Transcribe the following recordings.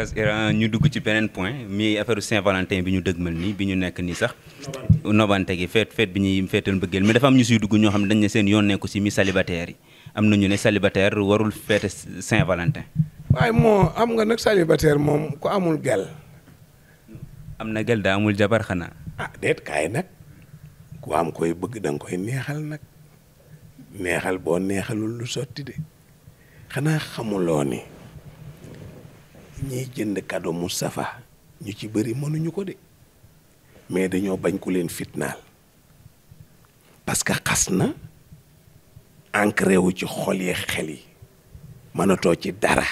parce que ñu dugg ci beneen point mi affaire Saint-Valentin bi ñu dëgmal nii bi ñu nekk nii sax novante gi feet feet bi ñuy feetal mbëggeel mais dafa am ñu siy dugg ñoo xam ne dañu ne seen yoon nekku si mi célibataire yi am na ñu ne célibataire warul feete Saint-Valentin waaye moo am nga nag célibataire moom ku amul gel am na gel daa amul jabar xanaa ah déet kaay nag ku am koy bëgg da koy neexal nag neexal boo neexalul lu sotti de xanaa xamuloo ni ñiy jënd cadeau Moustapha ñu ci bëri mënuñu ko de mais dañoo bañ ku leen fitnaal parce que xas na ancré wu ci xol yi xel yi mënatoo ci dara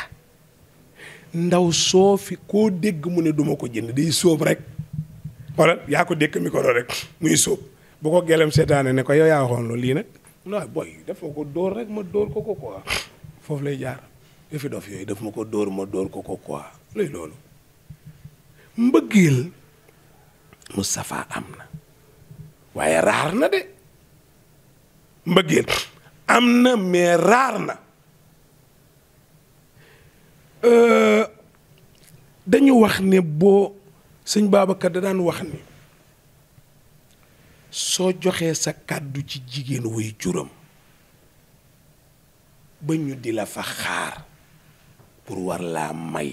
ndaw soo fi koo dégg mu ne duma ko jënd day sóob rek wala yaa ko dékk micro rek muy sóob bu ko gelem seetaane ne ko yow yaa waxoon loolu lii nag non booy dafa ko dóor rek ma dóor ko ko quoi foofu lay jaar yëfi dof yooyu daf ma ko dóor ma dóor ko ko quoi luy loolu mbëggeel Moustapha am na waaye raar na de mbëggeel am na mais raar na euh, dañu wax ne boo sëñ Babacar da daan wax ni soo joxee sa kàddu ci jigéen wuy juróom ba ñu di la fa xaar pour war laa may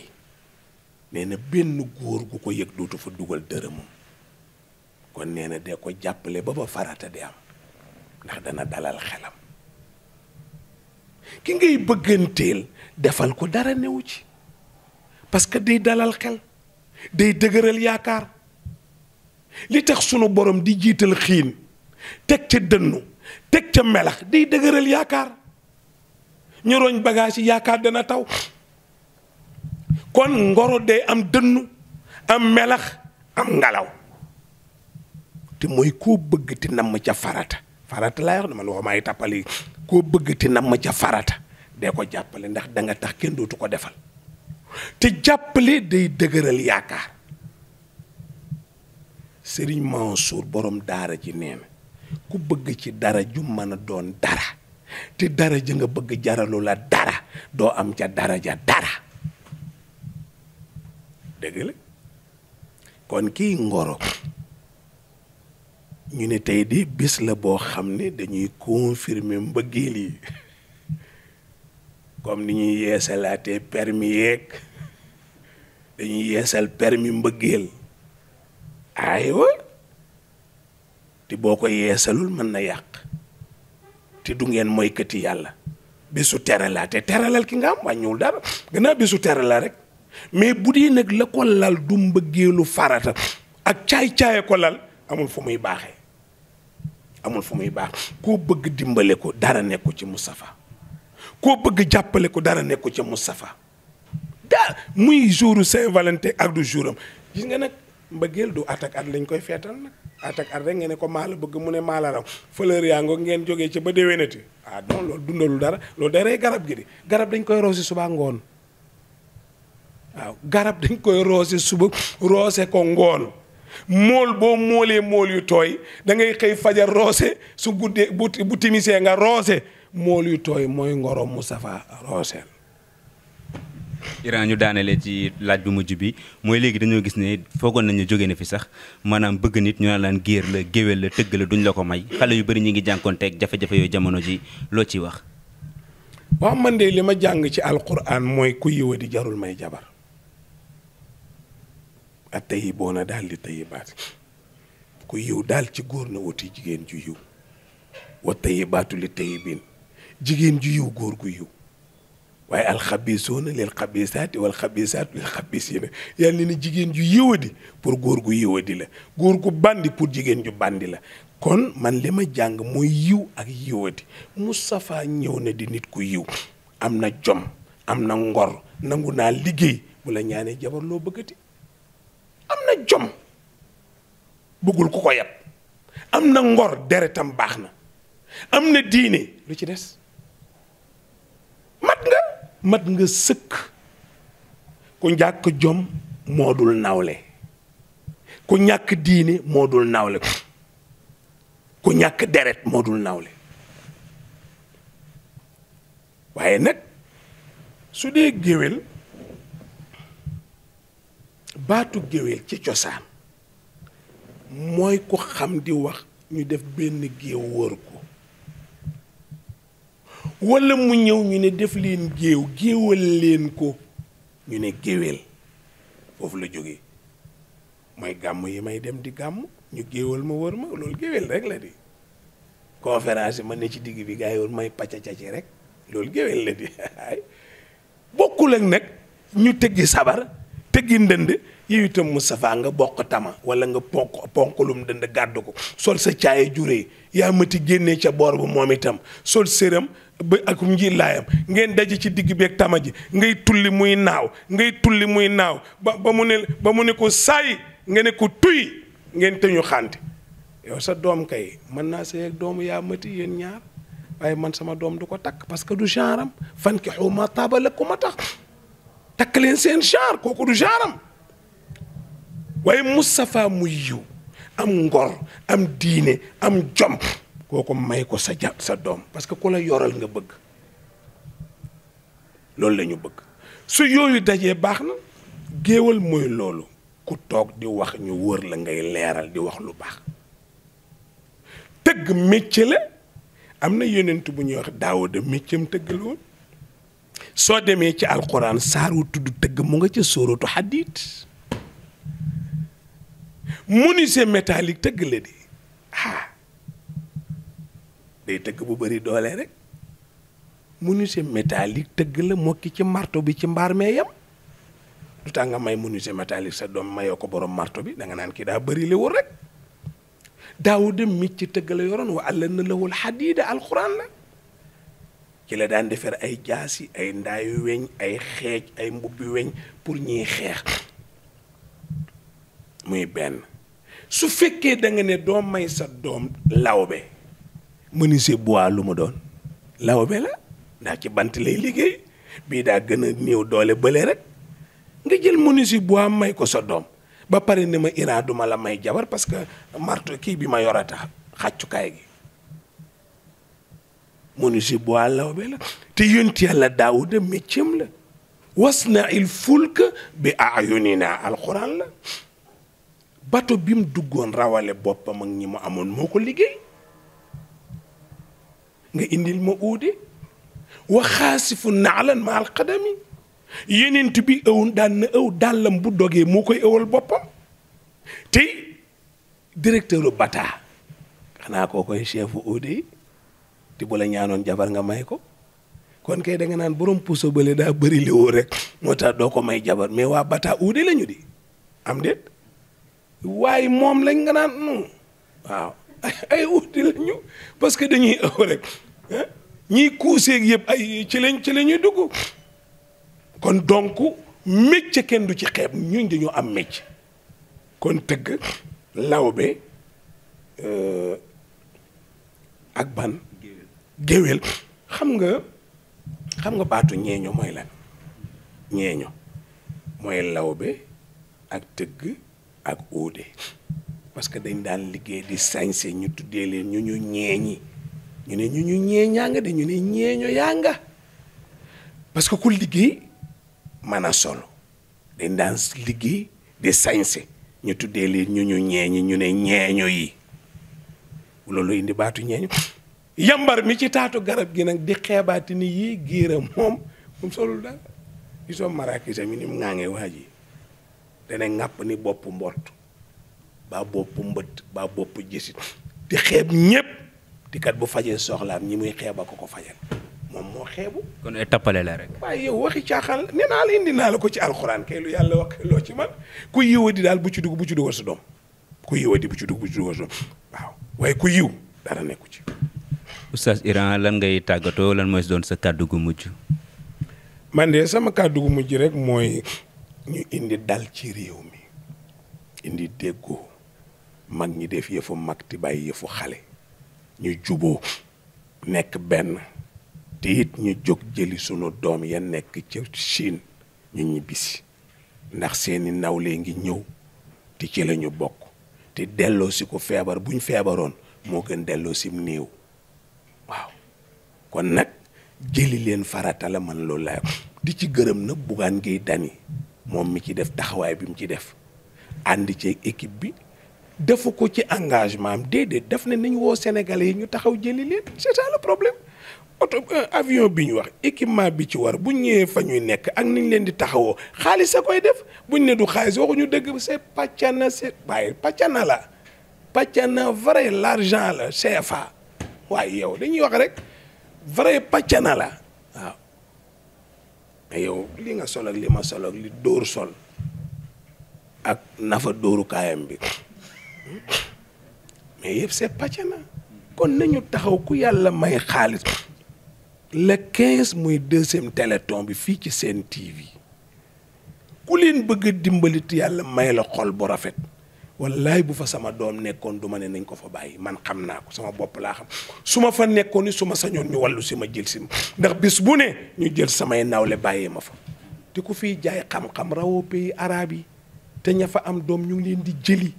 nee na benn góor gu ko yëg dootu fa dugal dërëmam kon nee na de ko jàppale ba ba farata di am ndax dana dalal xelam ki ngay bëgganteel defal ko dara newu ci parce que day dalal xel day dëgëral yaakaar li tax sunu borom di jiital xiin teg ca dënnu teg ca melax day dëgëral yaakaar ñoroñ bagage yi yaakaar dana taw kon ngoro day am dënn am melax am ngalaw te mooy koo bëgg ti nam ca farata farata laa wax ne tàppali koo bëgg ti ca farata dee ko jàppale ndax danga tax kenn dootu ko defal te jàppale day dëgëral yaakaar sëriñ Mansour borom daara ji nee ku bëgg ci dara ju mën a doon dara te dara ja bëgg jaralu la dara doo am ca dara ja dara dëgg kon kii ngoro ñu ne tey di bis la boo xam ne dañuy confirmer mbëggeel yi comme ni ñuy yeesalaatee permis yeeg dañuy yeesal permi mbëggeel aywa te boo ko yeesalul mën na yàq te du ngeen moykati yàlla bisu teralaate teralal ki nga am wàññiwul dara gannaaw bisu terala rek mais bu dee nag la ko lal du mbëggeelu farata ak caay-caaya ko lal amul fu muy baaxee amul fu muy baax koo bëgg dimbale ko dara nekku ci Moustapha koo bëgg jàppale ko dara nekku ci Moustapha daa muy jouru saint ak du jouram gis nga nag mbëggeel du at ak at lañ koy feetal nag at ak at rek nga ne ko maa la bëgg mu ne maala la raw fleur yaa ngo ngeen jógee ci ba déwénati ah non loolu dundalu dara loolu day rey garab gi di garab dañ koy raw si subaa ngoon waaw garab dañ koy roose suba roose ko ngoon mool boo moolee mool yu tooy dangay xëy fajar roose su guddee bu timisee nga roose mool yu tooy mooy ngoro Moustapha rooseel Iran ñu daanelee ci laaj bu mujj bi mooy léegi dañoo gis ne foogoon nañu jóge na fi sax maanaam bëgg nit ñu naan laan géer la géwél la tëgg la duñ la ko may xale yu bari ñu ngi jànkoonteeg jafe-jafe yooyu jamono ji loo ciy wax. waaw man de li ma jàng ci alquran mooy ku yiwa di jarul may jabar. a na daal li tayyibaat ku yiw daal ci góor na wuti jigéen ju yiw wa tayyibaatu li tayyibin jigéen ju yiw góor gu yiw waaye alxabisoona lil xabisaati wal xabisaatu lil xabisiina yàlla ne ni jigéen ju yiwadi pour góor gu yiwadi la góor gu bàndi pour jigéen ju bàndi la kon man li ma jàng mooy yiw ak yiwadi Moustapha ñëw na di nit ku yiw am na jom am na ngor nangu naa liggéey bu la ñaanee jabar loo bëggati am na jom bëggul ku ko yab am na ngor deretam baax na am na diine lu ci des mat nga mat nga sëkk ku njàkk jom moo dul nawle ku ñàkk diine moo dul nawle ku ñàkk deret moo dul nawle waaye nag su dee géwél baatu géwél ci cosaan mooy ko xam di wax ñu def benn géew wër ko walla mu ñëw ñu ne def leen géew géewal leen ko ñu ne géwél foofu la jóge mooy gàmm yi may dem di gàmm ñu géewal ma wër ma loolu géwél rek la di conférence ma ne ci digg bi gaa yi may pacca ci rek loolu géwél la di bokkul ak nag ñu tëggi sabar teggi ndënd yow itam Moustapha nga bokk tama wala nga ponk ponkalum dënd gàddu ko sol sa caaye juree yaa mati génnee ca boor bu moom itam sol séram ba akum nji laayam ngeen daj ci digg beeg tama ji ngay tulli muy naaw ngay tulli muy naaw ba ba mu ne ba mu ne ko saay nga ne ko tuy ngeen te ñu yow sa doom kay mën naa sëy ak doomu yaa mati yéen ñaar waaye man sama doom du ko takk parce que du genre am fan ki xaw ma taabale tax takk leen seen genre ko du genre am waaye Moustapha muy yiw am ngor am diine am jom kooku may ko sa ja sa doom parce que ku la yoral nga bëgg loolu lañu bëgg su yooyu dajee baax na géewal mooy loolu ku toog di wax ñu wër la ngay leeral di wax lu baax tëgg métier am na yonent bu ñuy wax daawo de métier am soo demee ci alxuraan saaru tudd tëgg mu nga ca sóoratu xadiid menuisier métallique tëgg la di ah day tëgg bu bari doole rek menuisier métallique tëgg la mokki ci marto bi ci mbaar mee yam du tax nga may menuisier métallique sa doom mayoo ko boroom marto bi danga naan kii daa bëri li wul rek daawu dem mi ci tëgg la yoroon wa àll na lawul xadiida alquran la ci la daan defar ay jaasi ay ndaayu weñ ay xeej ay mbubbi weñ pour ñiy xeex muy benn su fekkee danga ne doo may sa doom lawbe menuisier bois lu mu doon lawbe la ndax ci bant lay liggéey bii daa gën a néew doole bële rek nga jël menuisier bois may ko sa doom ba pare ne ma iraa duma la may jabar parce que marto kii bi ma yor a tax xàccukaay gi mu ni si bu àllawbe la te yonent yàlla daawuda méccam la wasna il fulka bi ayunina alxuraan la bato bi mu duggoon rawale boppam ak ñi mu amoon moo ko liggéey nga indil ma uude wa xaasifu naalan ma alqadami yenent bi ëw daan na ëw dàllam bu dogee moo koy ëwal boppam te directeuru bataa xanaa koo koy chefu uude yi te bu la ñaanoon jabar nga may ko kon kay danga nga naan borom puso bële daa bëri léwoo rek moo tax doo ko may jabar mais waa bata uude lañu ñu di am déet waaye moom lañ nga naan non hmm, waaw ay uude la ñu que dañuy ëw rek ñiy kuuseeg yëpp ay ci lañ ci la ñuy dugg kon donc mécc kenn du ci xeeb ñuñ dañoo am mécc kon tëgg lawbe euh, ak ban géwél xam nga xam nga baatu ñeeño mooy lan ñeeño mooy lawbe ak tëgg ak óode parce que dañ daan liggéey di sañse ñu tuddee leen ñu ñu ñeeñi ñu ne ñu ñu ñeeñaa nga de ñu ne ñeeño yaa parce que ku liggéey mën a solo dañ daan liggéey di sañse ñu tuddee leen ñu ñu ñeeñi ñu ne ñeeño yi loolu indi baatu ñeeño yambar mi ci taatu garab gi nag di xeebaati ni yii giira moom moom solul dara gisoo marakisa mi ni mu ŋaangee waa ji dana ŋàpp ni bopp mbott baa bopp mbëtt baa bopp jësit di xeeb ñépp di bu fajee soxlaam ñi muy xeeba ko ko fajal moom moo xeebu kon ay tappale rek waaye yow waxi caaxaan la naa la indi naa la ko ci alxuraan kay lu yàlla wax loo ci man ku yiwa di daal bu ci dugg bu ci dugal sa doom ku yiwa di ci dugg bu ci doom waaw waaye ku yiw dara nekku ci Oustaz Iran lan ngay tàggatoo lan mooy doon sa kàddu gu man de sama kàddu gu mujj rek mooy ñu indi dal ci réew mi indi déggoo mag ñi def yëfu mag ti bàyyi yëfu xale ñu juboo nekk benn te it ñu jóg jëli sunu doom ya nekk ca Chine ñu ñibbisi ndax seeni nawle ngi ñëw te ci lañu bokk te delloosi ko feebar buñ feebaroon moo gën delloosim néew kon nag jëli leen farata la man loolu laa di ci gërëm nag Bougane Gueye Dany moom mi ci def taxawaay bi mu ci def ànd ci équipe bi defu ko ci engagement am déedéet na ne ñu woo Sénégalais yi ñu taxaw jëli leen c'est ça le problème oto euh, avion bi ñu wax équipement bi ci war bu ñëwee fa ñuy nekk ak nañ leen di taxawoo xaalis sa koy def bu ñu ne du xaalis waxuñu dëgg c'est pàccana c'est waaye paccana la pàccana vrai l'argent la CFA waaye yow dañuy wax rek vrai pàccana la waaw yow li nga sol ak li ma sol ak li dóor sol ak nafa dóorukaayam bi mais yëpp c'est pàccana kon nañu taxaw ku yàlla may xaalis le quinze muy deuxième téléthon bi fii ci seen TV ku leen bëgg dimbalit yàlla may la xol bu rafet wallaay bu fa sama doom nekkoon du ma ne nañ ko fa bàyyi man xam naa ko sama bopp laa xam su ma fa nekkoon ni su ma sañoon ñu wàllu si ma jël si ndax bis bu ne ñu jël samay nawle bàyyee ma fa te ku fiy jaay xam-xam rawoo pays arab yi te ña fa am doom ñu ngi leen di jëli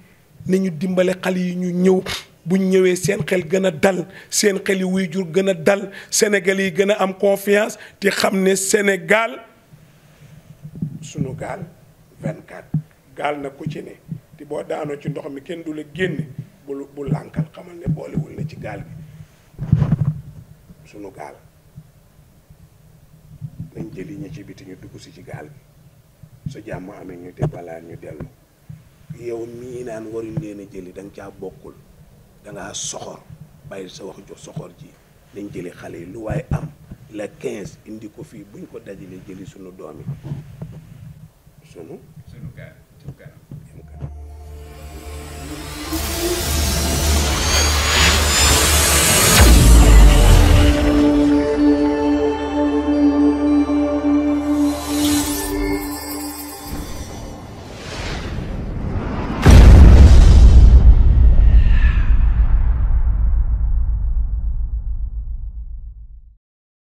ne ñu dimbale xale yi ñu ñëw bu ñëwee seen xel gën a dal seen xel yi wuy jur gën a dal Sénégal yi gën a am confiance te xam ne Sénégal sunu gaal 24 gaal na ku ci ne te boo daanoo ci ndox mi kenn du la génne bu bu lànkal xamal ne boolewul na ci gaal bi sunu gaal nañ jëli ñi ci biti dugg si ci gaal bi su jàmm amee ñu te balaa ñu dellu yow mii naan waruñ leen a jëli da caa bokkul da ngaa soxor bàyyi sa wax jox soxor ji dañ jëli xale yi lu waaye am la 15 indi ko fii buñ ko dajalee jëli sunu doom yi sunu.